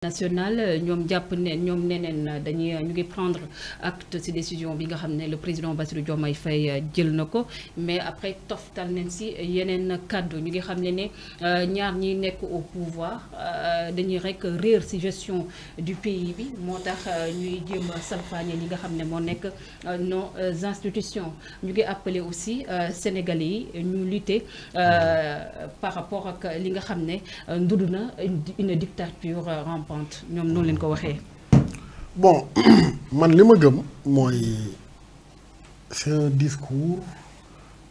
national ñom japp ne ñom neneen dañuy ñu ngi prendre acte ci décision bi nga xamné le président Bassirou Diomaye Fay jël nako mais après toftal nañ ci yenen cadeau ñu ngi xamné né euh, ñaar ñi nekk au pouvoir euh, dañuy rek réer ci gestion du pays bi motax euh, ñuy jëm a salfaañe ñi nga xamné mo moo nekk nos institutions ñu ngi appeler aussi Sénégalais ñu lutter par rapport ak li nga xamné nduduna une dictature rampante ñoom noonu leen ko waxee. bon man li ma gëm mooy c'est discours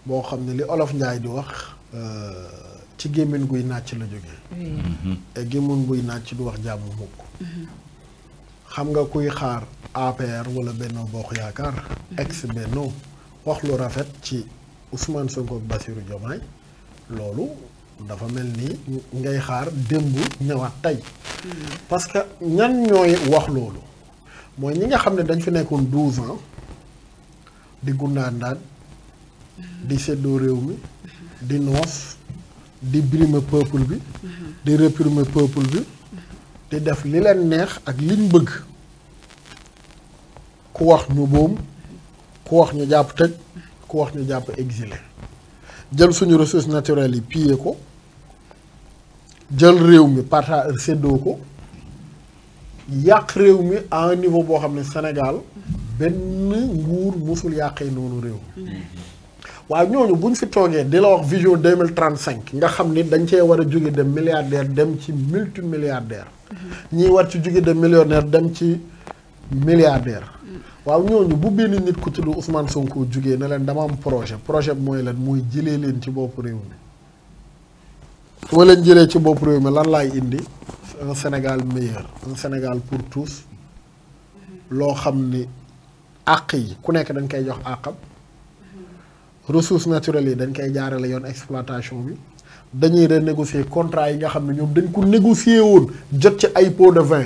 boo xam ne li olof Njaay du wax euh, ci gémmin guy nàcc la jóge te gémmiñ guy nàcc du wax jàmm mukk mm-hmm. xam nga kuy xaar APR walla Benno Bokk Yaakaar mm-hmm. ex Benno wax lu rafet ci Ousmane Sonko ak Bassirou Diomaye loolu dafa mel ni ngay xaar démb ñëwaat tey parce que ñan ñooy wax loolu mooy ñi nga xam ne dañ fi nekkoon douze ans di daan di seddoo réew mi di noos di brimer peuple bi di réprimer peuple bi di def li leen neex ak liñ bëgg ku wax ñu boom ku wax ñu jàpp tëj ku wax ñu jàpp exilé jël suñu ressources naturelles yi piller ko jël réew mi parta séddoo ko yàq réew mi en niveau boo xam ne Sénégal benn nguur musul yàqee noonu réew mi mm-hmm. waaye ñooñu buñ fi toogee di la wax vision deux mille trente cinq nga xam ni dañ cee war a jóge de milliardaire dem ci multimilliardaire mm-hmm. ñiy war ci jóge dem millionnaire dem ci milliardaire waaw ñooñu bu benn nit ku tudd Ousmane Sonko jugee na leen dama am projet projet bi mooy leen mooy jëlee leen ci bopp réew mi su leen jëlee ci bopp réew mi lan laay indi Sénégal meilleur Sénégal pour tous loo xam ni àq yi ku nekk dañ koy jox àqam ressources naturelles yi dañ koy la yoon exploitation bi dañuy renégocier contrat yi nga xam ne ñoom dañ ko négocier woon jot ci ay pots de vin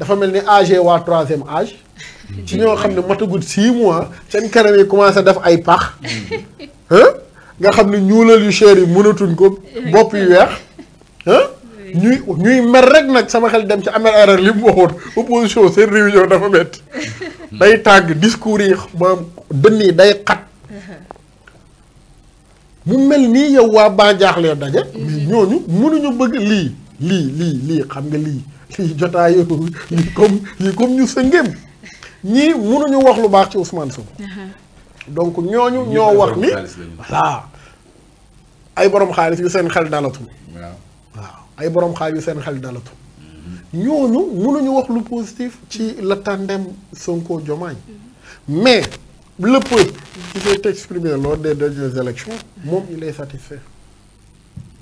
dafa mel ni age waa troisième âge. ci ñoo xam ne matagul six mois seen kanam yi commencé def ay pax. nga xam ne ñuulal yu cher yi mënatuñ ko. bopp yu weex. ñuy ñuy mer rek nag sama xel dem ci Amel Aidara li mu waxoon opposition seen réunion dafa métti. day tàgg discours yi maam dënn yi day xat. mu mel nii yow waa Bandiax leen daje. ñooñu mënuñu bëgg lii. lii lii lii xam nga lii lii jotaayu lii comme lii comme ñu sa ngéem ñii mënuñu wax lu baax ci Ousmane Sonko. Uh-huh. donc ñooñu ñoo wax ni voilà ay boroom xaalis yu seen xel dalatu. waaw waaw ay borom xaal yu seen xel dalatu. ñooñu mënuñu wax lu positif ci le tandem Sonko Diomaye uh-huh. mais le peuple qui s'est exprimé lors des dernières élections moom il est satisfait.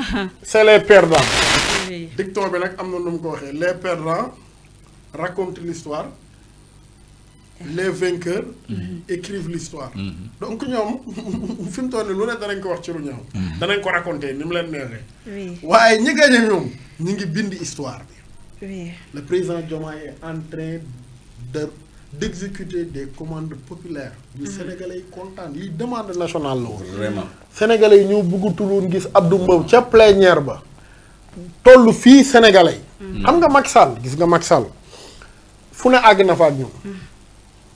c'est les perdants. oui dicton bi nag am ko waxee les perdants racontent l'histoire les vainqueurs. Mhm. écrivent l'histoire mhm. donc ñom fim mu lu ne dañ ko wax ci lu ñaaw. Mhm. Dañ ko raconter ni mu leen Oui. Waye ñi gagné ñom ñi ngi bind histoire bi. oui le président Diomaye est en train de d'exécuter des commandes populaires. Les mhm. sénégalais sont contents. Ils demande Les vraiment sénégalais nous, beaucoup tout le gis Abdou Mbow Ils plénière ba. sénégalais. Mhm. xam nga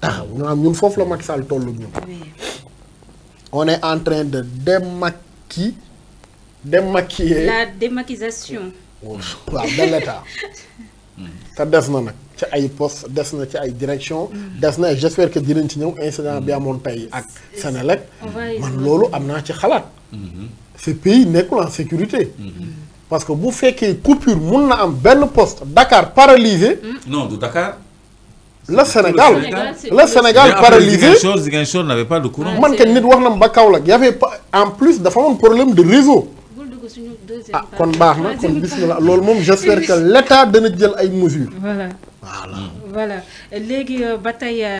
taxaw ah, ñu am ñun la Macky Sall tollu on est en train de démaquiller démaquiller la démaquisation waaw de l'État mm. te des na nag ci ay poste des na ci ay direction des na j'espère que dinañ ci ñëw incident bi amoon tey mm. ak Senelec man loolu am naa ci xalaat mm-hmm. ce pays n'est pas en sécurité mm-hmm. parce que bu fekkee coupure mun na am benn poste Dakar paralysé mm. non de Dakar le Sénégal le Sénégal paralysé Ziguinchor n'avait pas de courant man kenn nit wax ba Kaolack y avait pas en plus dafa amoon problème de réseau ah kon baax na kon bismillah j'espère que l'état donne des ay mesures voilà voilà léegi euh, ba bataille. Euh,